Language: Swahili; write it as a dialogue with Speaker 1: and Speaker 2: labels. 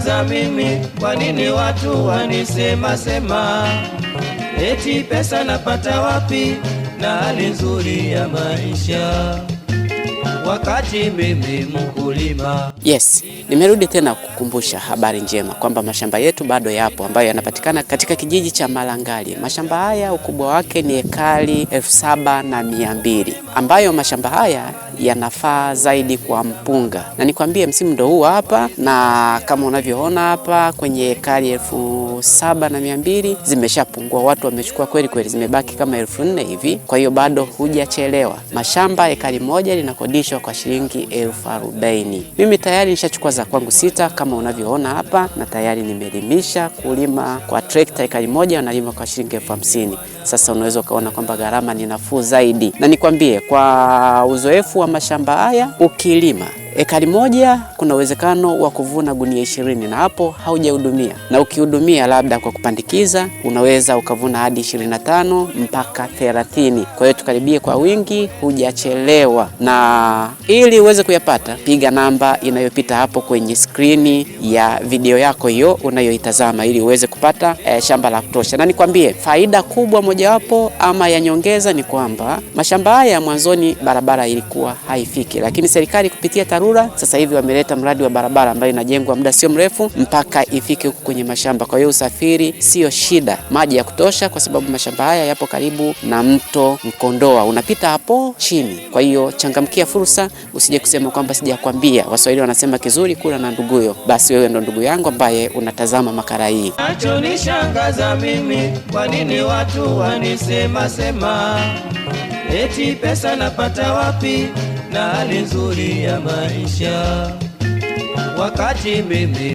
Speaker 1: za mimi, kwa nini watu wanisema sema, eti pesa napata wapi na hali nzuri ya maisha wakati mimi mkulima. Yes, nimerudi tena kukumbusha habari njema kwamba mashamba yetu bado yapo ambayo yanapatikana katika kijiji cha Malangali. Mashamba haya ukubwa wake ni hekari elfu saba na mia mbili ambayo mashamba haya yanafaa zaidi kwa mpunga, na nikwambie msimu ndo huu hapa, na kama unavyoona hapa kwenye ekari elfu saba na mia mbili zimeshapungua, watu wamechukua kweli kweli, zimebaki kama elfu nne hivi. Kwa hiyo bado hujachelewa. Mashamba ekari moja linakodishwa kwa shilingi elfu arobaini. Mimi tayari nishachukua za kwangu sita kama unavyoona hapa, na tayari nimelimisha kulima kwa trekta ekari moja wanalima kwa shilingi elfu hamsini. Sasa unaweza ukaona kwamba gharama ni nafuu zaidi, na nikwambie kwa uzoefu wa mashamba haya ukilima ekari moja kuna uwezekano wa kuvuna gunia ishirini na hapo haujahudumia, na ukihudumia labda kwa kupandikiza unaweza ukavuna hadi 25 mpaka 30. Kwa hiyo tukaribie kwa wingi, hujachelewa. Na ili uweze kuyapata, piga namba inayopita hapo kwenye skrini ya video yako hiyo unayoitazama, ili uweze kupata eh, shamba la kutosha. Na nikwambie faida kubwa mojawapo ama ya nyongeza ni kwamba mashamba haya mwanzoni barabara ilikuwa haifiki, lakini serikali kupitia dharura. Sasa hivi wameleta mradi wa barabara ambayo inajengwa muda sio mrefu mpaka ifike huku kwenye mashamba. Kwa hiyo usafiri sio shida, maji ya kutosha, kwa sababu mashamba haya yapo karibu na mto Mkondoa unapita hapo chini. Kwa hiyo changamkia fursa, usije kusema kwamba sijakwambia. Waswahili wanasema kizuri kula na nduguyo, basi wewe ndo ndugu yangu ambaye unatazama makala hii. Nachonishangaza mimi, kwa nini watu wanisema sema, eti pesa napata wapi? na hali nzuri ya maisha wakati mimi